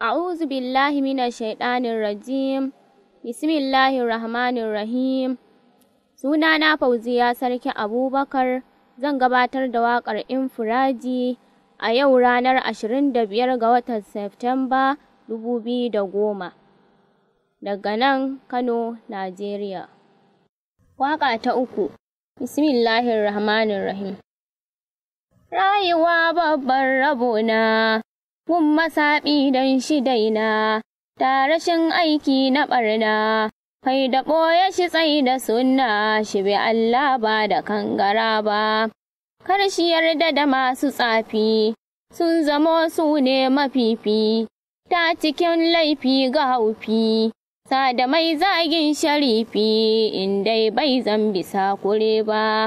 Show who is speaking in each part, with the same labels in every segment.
Speaker 1: A'udhu billahi minash shaitanir rajim. Bismillahir rahmanir rahim. Sunana Fauziya Sarki Abubakar. Zan gabatar da waƙar Infiraji a yau ranar 25 ga watan Satumba 2010. Daga nan Kano, Najeriya. Waƙa ta uku. Bismillahir rahmanir rahim. Rayuwa babban rabona. kun masaɓi don shi daina, ta rashin aiki na ɓarna, kai da ɓoye shi tsayi da sunna shi bi Allah ba da kangara ba. Kar shi yarda da masu tsafi, sun zamo su ne mafifi, ta cikin laifi ga haufi. sa da mai zagin sharifi in dai bai zan bisa kure ba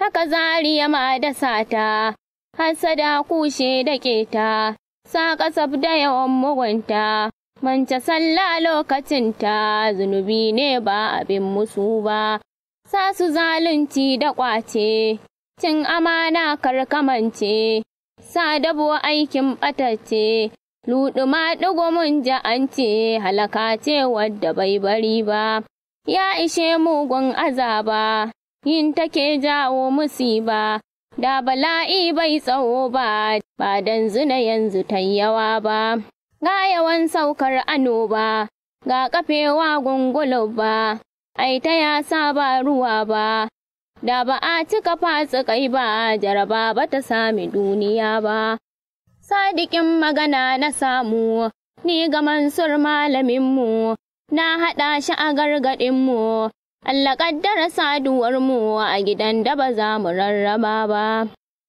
Speaker 1: haka zariya ma da sata hasada kushe da keta sa ƙasaf da yawan mugunta manta sallah lokacinta zunubi ne ba abin musu ba sa su zalunci da ƙwace cin amana karkamance sa dabo aikin ɓatace luɗuma ɗigumin ja'ance halaka ce wadda bai bari ba ya ishe mugun azaba yin take jawo musiba da bala'i bai tsawo ba ba dan zina yanzu ta yawa ba ga yawan saukar Ano ba. ga kafewa gungulub ba ai ta ya sa ba ruwa ba da ba a cika fatsi kai ba jaraba ba ta sami duniya ba sadikin magana na samu ni ga mansur malaminmu na haɗa shi a gargaɗinmu Allah kaddara saduwar mu a gidan da ba za mu rarraba ba.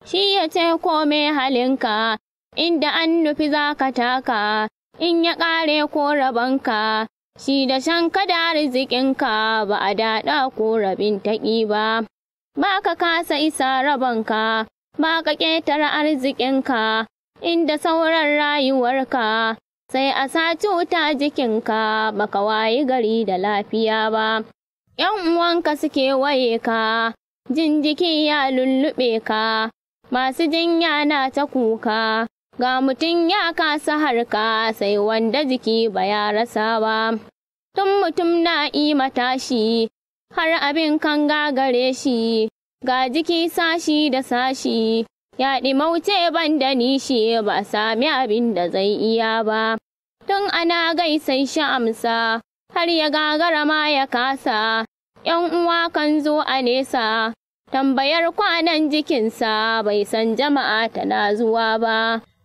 Speaker 1: Shi ya ce kome halinka, inda an nufi za ka taka, in ya ƙare ko rabanka, shi da shan da arzikinka ba a daɗa ko rabin taƙi ba. Ba ka kasa isa rabanka, ba ka ƙetare arzikinka, inda sauran rayuwarka, sai a saci wuta jikinka baka wayi gari da lafiya ba. ‘yan uwanka suke waye ka, jin jiki ya lullube ka, masu jinya na ta kuka, ga mutum ya kasa harka sai wanda jiki ba ya rasa ba. Tun mutum na ima matashi, har abin kan gagare shi, ga jiki sashi da sashi, ya ɗimauce ban da nishi ba sami abin da zai iya ba. Tun ana gaisai sha'amsa. amsa, har ya gagara ma ya kasa, ‘yan uwa kan zo a nesa, tambayar kwanan jikinsa bai san jama'a tana zuwa ba,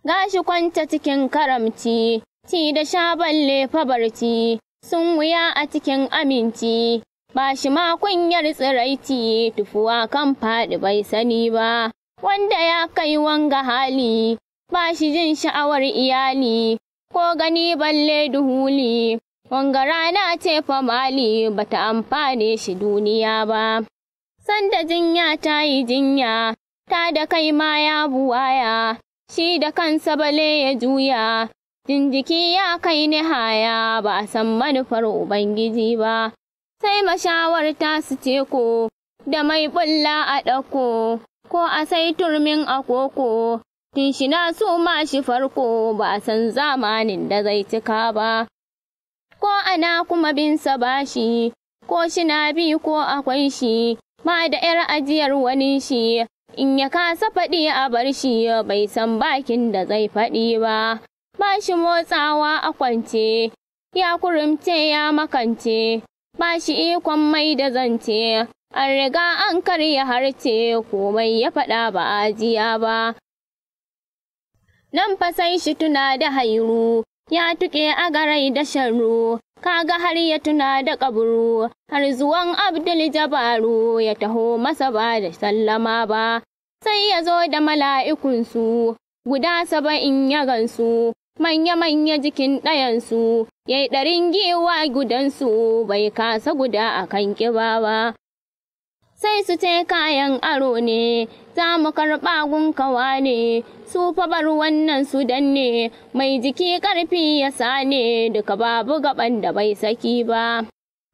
Speaker 1: gashi kwanta cikin karamci, ci da sha balle fabarci, sun wuya a cikin aminci, ba shi ma kunyar tsiraiti tufuwa kan faɗi bai sani ba, wanda ya kai wanga hali, ba shi jin sha'awar iyali, ko gani balle duhuli. Wanga rana ce fa mali ta amfane shi duniya ba. Sanda jinya ta yi jinya, ta da kai ma ya buwaya, shi da kansa bale ya juya, jinjiki ya kai ni haya. ba a san manufar Ubangiji ba. Sai mashawarta su ce ko, da mai bulla a ɗako ko a sai turmin a koko, tun shi na su ma shi farko ba a san zamanin da zai cika ba. ko ana kuma bin sa bashi ko shi na bi ko akwai shi Ba da yar ajiyar wani shi in ya kasa faɗi a bar shi bai san bakin da zai faɗi ba ba shi motsawa a kwance ya kurumce ya makance ba shi ikon mai da zance an riga an karya harce komai ya faɗa ba ajiya ba nan fa sai shi tuna da hairu ya tuƙe agarai da Ka kaga har ya tuna da kaburu har zuwan abdul jabaru ya taho masa ba da sallama ba sai ya zo da mala'ikunsu guda saba'in ya gansu manya-manya jikin ɗayansu ya yi ɗarin giwa gudansu bai kasa guda a kan ƙiba ba sai su ce kayan aro ne za mu karɓa gunkawa ne su fa wannan su danne mai jiki karfi ya sane duka babu gaban da bai saki ba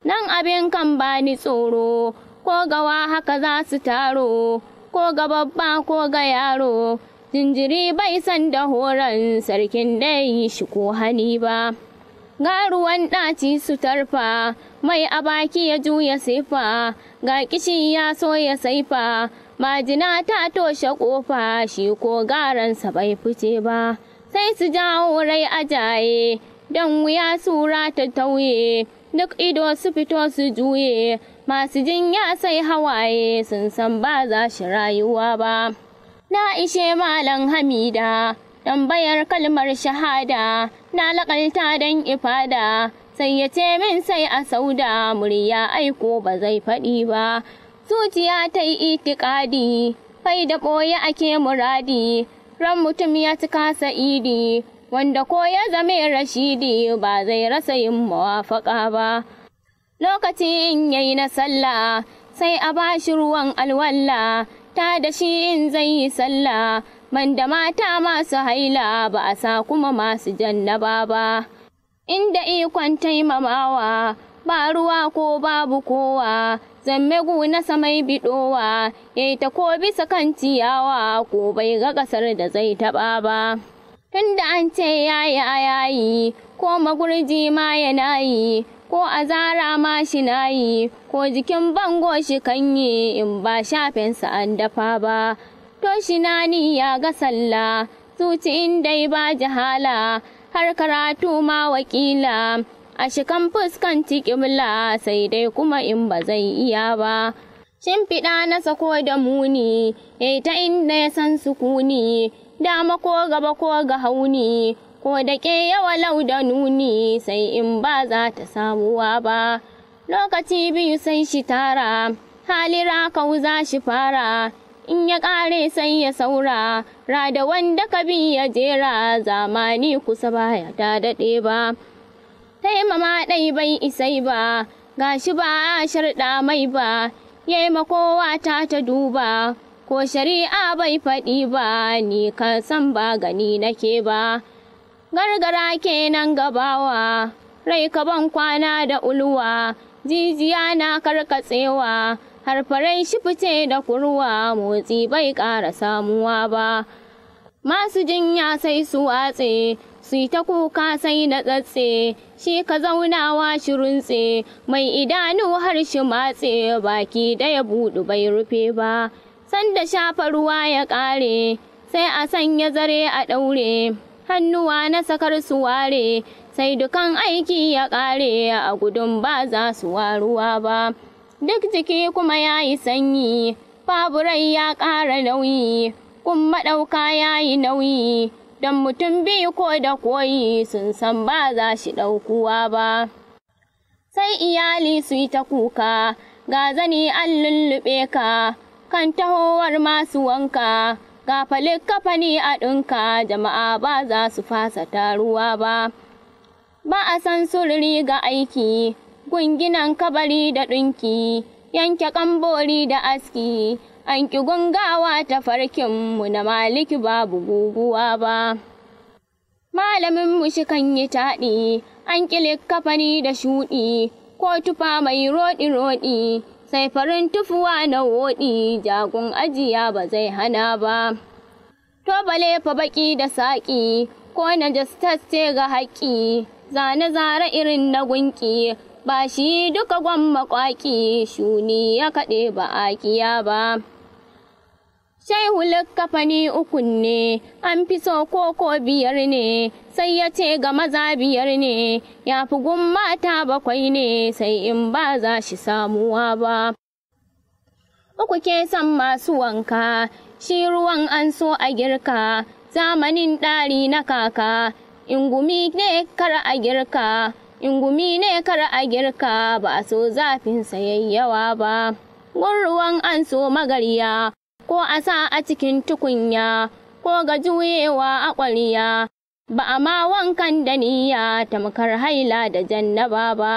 Speaker 1: nan abin kan bani tsoro ko gawa haka za su taro ko ga babba ko ga yaro jinjiri bai san da horon sarkin dai shi ko hani ba garuwan ɗaci su tarfa mai a baki ya juya sifa ga kishi ya so ya saifa majina ta toshe ƙofa shi ko garansa bai fice ba sai su jawo rai ajaye don wuya sura ta tauye duk ido su fito su juye masu jinya sai hawaye sun san ba za shi rayuwa ba na ishe malam hamida tambayar kalmar shahada na lakalta don ifada sai ya ce min sai a sauda murya aiko ba zai faɗi ba zuciya ta yi itikadi fai da ɓoye ake muradi ran mutum ya ci kasa idi wanda ko ya zame rashidi ba zai rasa yin mawafaka ba lokacin yayi na sallah sai a bashi ruwan alwalla ta da shi in zai yi sallah man da mata masu haila ba a sa kuma masu jannaba ba inda ikon taimamawa ba ruwa ko babu kowa zamme gu na samai biɗowa ya yi ta ko bisa kan ciyawa ko bai ga ƙasar da zai taɓa ba tunda an ce yayi a yayi ko magurji ma ya nayi ko azara ma shi nayi ko jikin bango shi kanye in ba shafin sa an dafa ba to shi nani ya ga sallah zuci in dai ba jihala har karatu ma wakila a shikan fuskanci ƙibla sai dai kuma in ba zai iya ba shimfiɗa na sako da muni E ta inda ya san sukuni dama ko gaba ko ga hauni ko da ke yawa lau da nuni sai in ba za ta samuwa ba lokaci biyu sai shi tara halira kauza shi fara in ya ƙare sai ya saura rada wanda ka bi ya jera zamani kusa baya ta daɗe ba sai mama ɗai bai isai ba Ga shi ba sharɗa mai ba Ya yi makowa ta ta duba ko shari'a bai faɗi ba ni ka san ba gani nake ba gargara kenan gabawa rai ka ban kwana da ulwa jijiya na karkatsewa har farai shi fice da kurwa motsi bai ƙara samuwa ba masu jinya sai su watse su ta kuka sai na tsatse shi ka zaunawa shi runtse mai idanu har shi matse baki daya buɗu bai rufe ba sanda shafa ruwa ya ƙare sai a sanya zare a ɗaure hannuwa na sakar su ware sai dukan aiki ya ƙare a gudun ba za su waruwa ba duk jiki kuma ya yi sanyi faburai ya ƙara nauyi kuma ɗauka ya yi nauyi don mutum biyu ko da koyi sun san ba za shi ɗaukuwa ba. Sai iyali su yi ta kuka, ga zani an lullube ka, kan tahowar masu wanka, ga falik kafani a ɗinka jama'a ba za su fasa taruwa ba. Ba a san sururi ga aiki, gunginan kabari da ɗinki, yanke kambori da aski. an ƙi gungawa ta farkinmu na maliki babu guguwa ba. Malamin mu shi kan yi taɗi, an ƙi likkafani da shuɗi, ko tufa mai roɗi-roɗi, sai farin tufuwa na woɗi jagun ajiya ba zai hana ba. ba fa baƙi da saƙi, ko na jastas ce ga haƙƙi, zane-zare irin na gunki, ba shi duka gwamma kwaƙi, shuni ya kaɗe ba a kiya ba. Shehuluk kafani ukun ne, an fi so koko biyar ne, sai ya ce ga maza biyar ne, ya fi gun mata bakwai ne, sai in ba za shi samuwa ba. Uku ke san masu wanka, shi ruwan an so a girka, zamanin ɗari na kaka, ingumi ne kar a girka, ingumi ne kar a girka, ba so zafin sayayyawa ba. Gun ruwan an so magarya. ko a sa a cikin tukunya, ko ga juyewa a ƙwariya, ba a ma wankan da niyya tamkar haila da jannaba ba,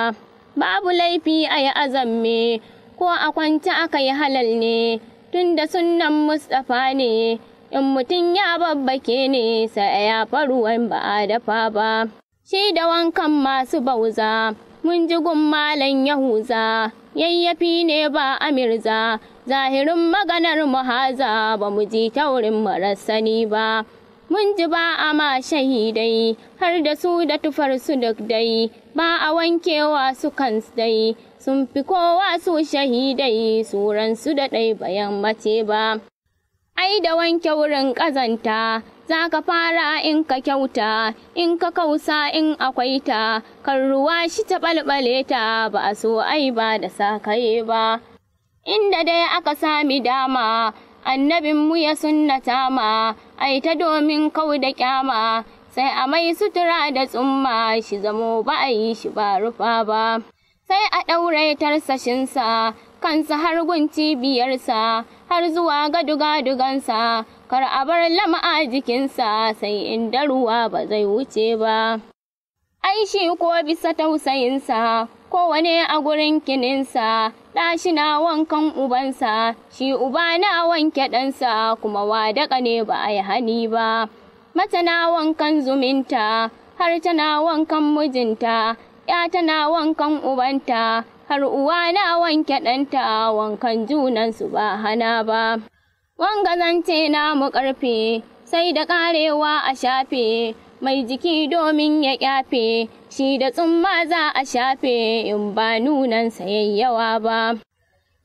Speaker 1: babu laifi a yi azamme, ko a kwance aka yi halal ne, tun da sunnan Mustapha ne, in mutum ya babbake ne sai ya faruwan ba a dafa ba. Shi da wankan masu bauza, mun ji gun malam Yahuza, yayyafi ne ba amirza. zahirin maganar mu haza ba mu ji taurin marasani ba mun ji ba a ma shahidai har da su da tufar su duk dai ba a wankewa su kan dai sun fi kowa su shahidai su da ɗai bayan mace ba ai da wanke wurin ƙazanta za ka fara in ka kyauta in ka kausa in akwai ta kan ruwa shi ta ɓalɓale ta ba a so ai ba da sakaye ba inda dai aka sami dama Annabin mu ya sunnata ma ai ta domin kau da kyama sai a mai sutura da tsumma shi zamo ba a yi shi ba rufa ba sai a ɗaure tarsashinsa kansa har gun cibiyarsa har zuwa ga dugadugansa kar a bar lama a jikinsa sai inda ruwa ba zai wuce ba ai shi ko bisa tausayinsa kowane a gurin kininsa ɗashi na wankan ubansa shi uba na wanke ɗansa kuma wa wadaƙa ne ba a yi hani ba mata na wankan zuminta har tana wankan mijinta ya tana wankan ubanta har uwa na wanke ɗanta wankan junansu ba hana ba wanga zance na mu ƙarfe sai da ƙarewa a shafe mai jiki domin ya kyafe shi da tsumma za a shafe in ba nunan sayayyawa ba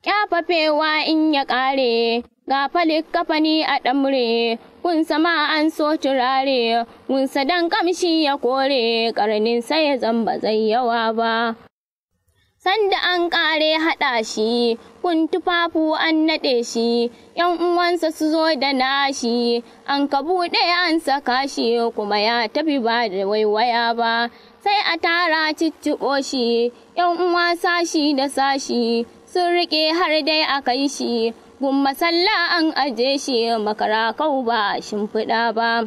Speaker 1: kyafafewa in ya ƙare, ga falik kafani a ɗamre kunsa ma an so turare kunsa dan kamshi ya kore karnin sai ya zamba zai yawa ba sanda an ƙare haɗa shi kun tufafu an naɗe shi yan uwansa su zo da nashi an ka buɗe an saka shi kuma ya tafi ba da waiwaya ba sai a tara cicciko shi yan uwa sashi da sashi sun riƙe har dai a kai shi gun masalla an aje shi makara kau ba shimfiɗa ba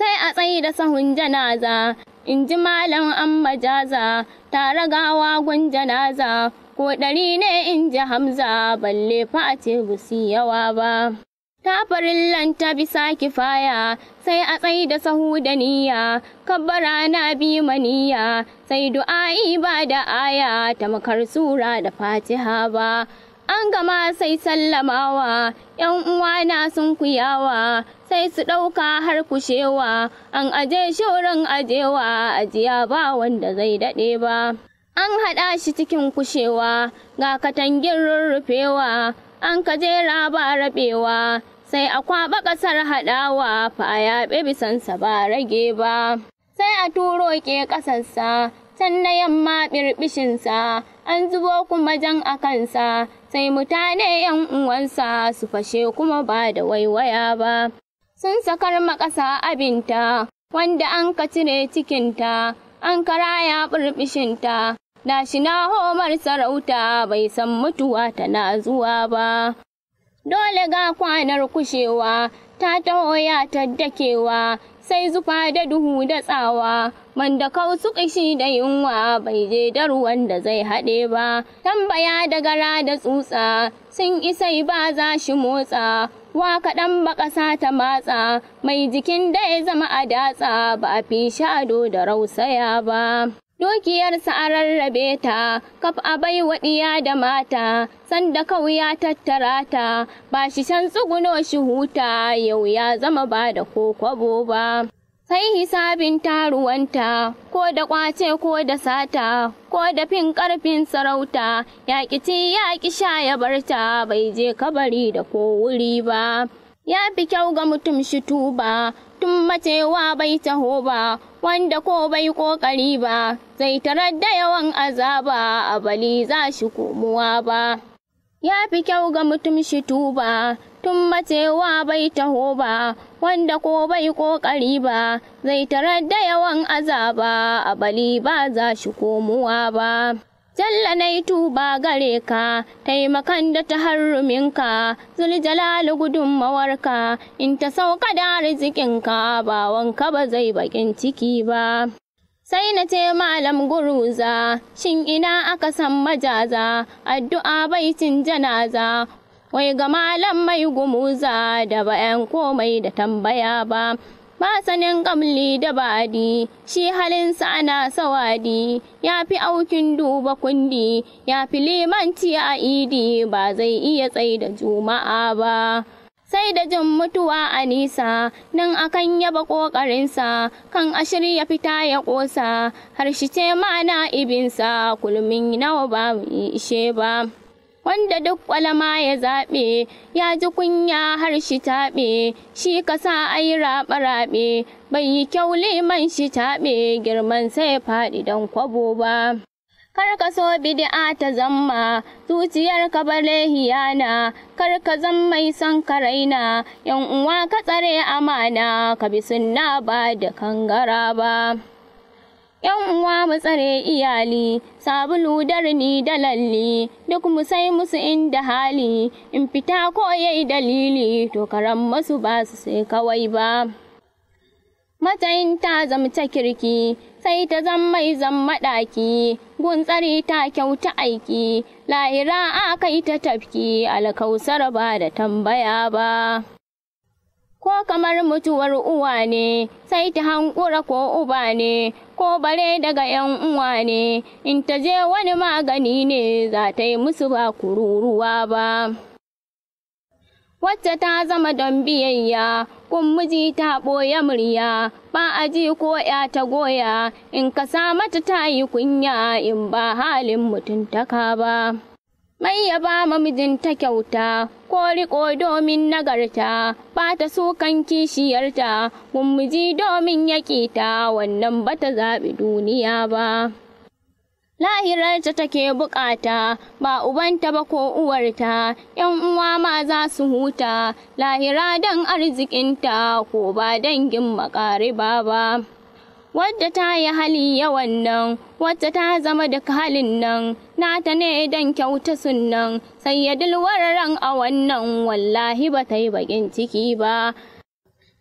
Speaker 1: sai a tsayi da sahun janaza in ji malam an majaza tare gawa gun janaza ko ɗari ne in ji hamza balle fa a ce busi yawa ba ta farillanta bisa kifaya sai a tsayi da sahu da niyya kabbara na bi maniya sai du'a'i ba da aya ta makar sura da fatiha ba an gama sai sallamawa yan uwana sun kuyawa sai su ɗauka har kushewa an aje shi wurin ajewa ajiya ba wanda zai daɗe ba an haɗa shi cikin kushewa ga katangin rurrufewa an kajera ba rabewa sai a kwaɓa ƙasar haɗawa fa a yaɓe bisansa ba rage ba sai a turo ke ƙasarsa Sannan yamma birbishinsa an zubo kuma jan a kansa sai mutane yan uwansa su fashe kuma ba da waiwaya ba sun sakar makasa abinta wanda an ka cire cikinta an karaya birbishinta Na shi na homar sarauta bai san mutuwa tana zuwa ba dole ga kwanar kushewa ta taho ya taddakewa sai zufa da duhu da tsawa da kausu kishi da yunwa bai je da ruwan da zai haɗe ba tambaya da gara da tsutsa sun isa ba za shi motsa wa kaɗan baƙasa ta matsa mai jikin da ya zama a datsa ba a fi shado da rausaya ba dukiyar sa a rarrabe ta kaf a wa ɗiya da mata sanda ya tattara ta ba shi can tsuguno shi huta yau ya zama ba da ko kwabo ba sai hisabin taruwanta ko da ƙwace ko da sata ko da fin ƙarfin sarauta yaƙi ci yaƙi sha ya barta bai je kabari da ko wuri ba ya fi kyau ga mutum shi tuba tun macewa bai taho ba wanda ko bai kokari ba zai tarar da yawan azaba a bali za shi komowa ba ya fi kyau ga mutum shi tuba tun macewa bai taho ba wanda ko bai kokari ba zai tarar da yawan azaba a bali ba za shi komowa ba jalla na yi tuba gare ka taimakan da ka jalali gudunmawar ka in ta sauka da rizikinka ba wanka ba zai bakin ciki ba sai na ce malam guruza shin ina aka san majaza addu'a bai cin janaza wai ga malam mai gumuza da bayan komai da tambaya ba ba sanin kamli da badi shi halinsa ana sawadi ya fi aukin duba kundi ya fi limanci a idi ba zai iya tsaida juma'a ba sai da jin mutuwa a nisa nan akan yaba ƙoƙarinsa kan ashir ya fita ya ƙosa har shi ce na ibinsa kulmin nawa ba mu ishe ba wanda duk ƙwalama ya zaɓe ya ji kunya har shi taɓe shi ka sa ayi raɓe-raɓe bai yi kyau liman shi taɓe girman sai faɗi don kwabo ba kar ka so bid'a ta zamma zuciyar ka bare hiyana kar ka zan mai son ka raina yan uwa ka tsare amana ka bi sunna ba da kangara ba Yan uwa mu tsare iyali, sabulu darni da lalli, duk mu sai musu inda hali, in fita ko yayi dalili, to karan masu ba su sai kawai ba. in ta zama ta kirki, sai ta zan mai zan maɗaki, gun tsare ta kyauta aiki, lahira a kai ta tafki, alkausar ba da tambaya ba. ko kamar mutuwar uwa ne sai ta hankura ko uba ne ko bare daga yan uwa ne in ta je wani magani ne za ta yi musu ba kururuwa ba wacce ta zama don biyayya kun miji ta ɓoye murya ba a ji ko ya ta goya in ka sa mata ta yi kunya in ba halin mutuntaka ba mai ya ba ma mijinta kyauta ko riƙo domin nagarta ba ta kan kishiyarta gummiji domin ya ta wannan ba ta zaɓi duniya ba lahirarta take buƙata, ba ubanta ba ko uwarta yan uwa ma za su huta lahira don arzikinta ko ba dangin makariba ba wadda ta yi hali yawan nan wadda ta zama da halin nan Na ta ne don kyauta sunnan sai ya ran a wannan wallahi ba ta yi bakin ciki ba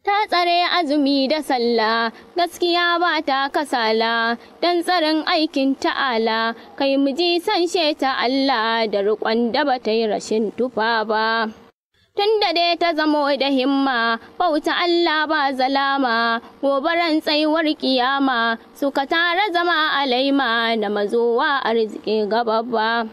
Speaker 1: ta tsare azumi da sallah gaskiya ba ta kasala Don tsarin aikin ta'ala kai mu ji san ta Allah da riƙon da ba ta yi rashin tufa ba tun da dai ta zamo da himma bauta Allah ba zalama gobaran tsaiwar kiyama suka tara zama alaima da mazowa arziki gababba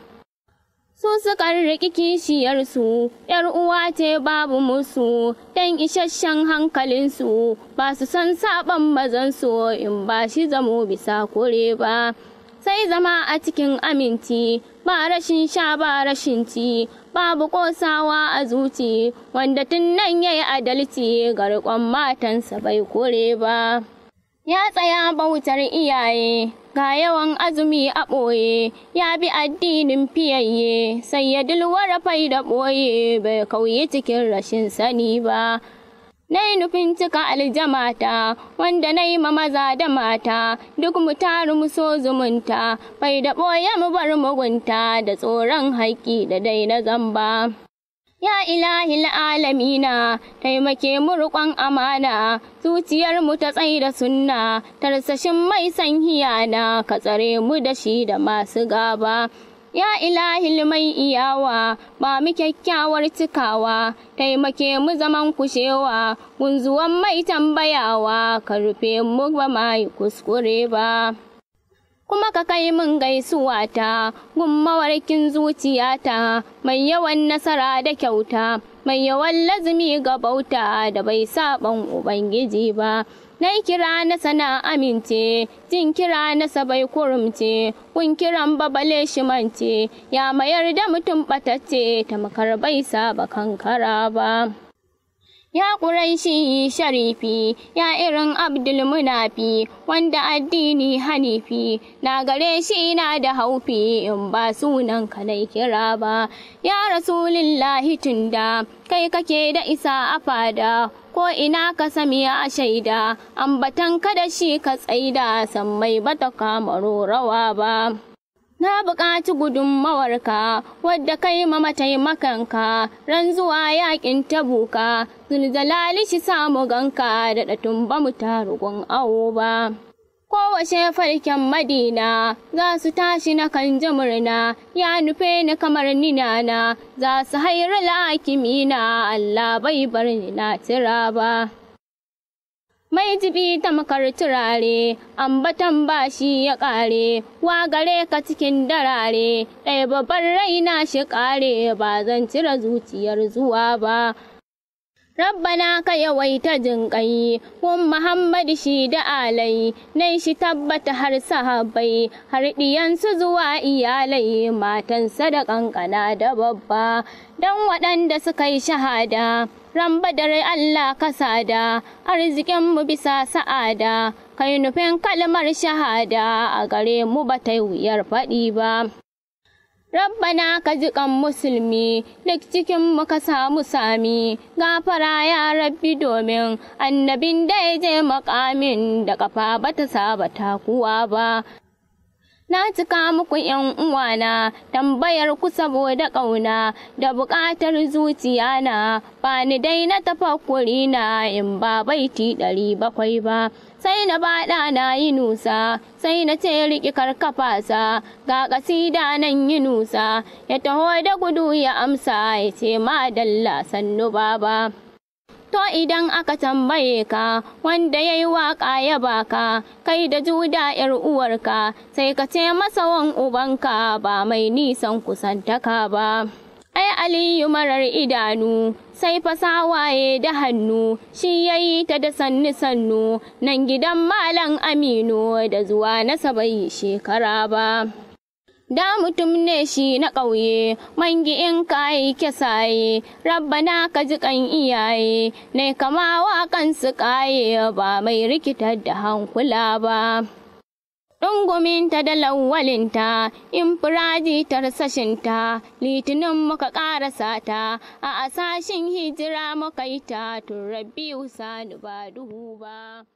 Speaker 1: su suka riƙi kishiyarsu ‘yar uwa ce babu musu don isasshen hankalinsu ba su san saɓan mazansu in ba shi zamo bisa kure ba sai zama a cikin aminti ba rashin sha ba rashin ci babu kosawa a zuci wanda tun nan ya yi adalci garkon matansa bai kore ba ya tsaya bautar iyaye ga yawan azumi a ɓoye ya bi addinin fiyayye sai ya dilwara fai da ɓoye bai kauye cikin rashin sani ba na yi nufin cika aljamata wanda na yi ma maza da mata duk mu taru mu so zumunta bai da ɓoye mu bar mugunta da tsoron haƙƙi da dai na zamba ya ilahi alamina taimake mu riƙon amana zuciyar mu ta tsai da sunna tarsashin mai san hiyana ka tsare mu da shi da masu gaba Ya ilahi mai iyawa, ba mu kyakkyawar cikawa, taimake mu zaman kushewa, gunzuwan mai tambayawa, ka rufe mu ba ma kuskure ba. kuma ka kai min gaisuwata, ta gun mawarkin zuciyata mai yawan nasara da kyauta mai yawan lazumi ga bauta da bai saban ubangiji ba Nai kira na sana amince, jin kira na sabai kurumce, kun kiran babale shimance, ya mayar da mutum batacce, ta makar bai saba kankara ba. Ya yi sharifi, ya irin Abdul munafi, wanda addini hanifi, na gare shi na da haufi in ba sunan ka nai kira ba. Ya Rasulillahi tunda, kai kake da isa a fada, ko ina ka sami a shaida, ambatan ka da shi ka tsaida, san mai bata kama rawa ba. na buƙaci gudunmawarka wadda kai ma mataimakanka ran zuwa yakin tabuka zulzalali shi samu ganka da ɗatun ba mu tarugun awo ba. kowace farken madina za su tashi na kan ji murna ya nufe ni kamar ninana za su haira lakimina Allah bai bar ni na tira ba. mai jibi tamkar turare ambatan bashi ya ƙare wa gare ka cikin darare ɗaya babban raina shi ƙare ba zan cire zuciyar zuwa ba Rabba na ka yawaita jinƙai kun muhammadu shi da alai nai shi tabbata har sahabai har ɗiyansu zuwa iyalai matansa da ƙanƙana da babba don waɗanda suka yi shahada ran badar allah ka sada arzikinmu bisa sa'ada kai nufin kalmar shahada a gare mu ba ta wuyar faɗi ba rabbana ka ji kan musulmi duk cikin muka samu sami gafara ya rabbi domin annabin da ya je makamin da kafa bata saba takuwa ba na cika muku yan uwana tambayar ku saboda ƙauna da buƙatar zuciya na ba ni dai na tafa na in ba baiti ɗari bakwai ba sai na baɗa na yi nusa sai na ce riƙi sa ga ƙasida nan yi nusa ya taho da gudu ya amsa ya ce ma dalla sannu baba to idan aka tambaye ka wanda ya yi waƙa ya baka kai da juda ‘yar uwarka sai ka ce masa wan ubanka ba mai nisan kusantaka ba. Ai Aliyu marar idanu sai fasawaye da hannu shi ya yi ta da sannu sannu nan gidan Malam Aminu da zuwa na saba'i shekara ba. da mutum ne shi na ƙauye mangi in kayi kyasaye rabbana ka ji kan iyaye ne kama wa kansu kaye ba mai rikitar da hankula ba ta da lawalinta, in firaji tarsashinta, litinin muka ƙarasa ta, a asashin hijira muka yi ta, tun rabbi ba duhu ba.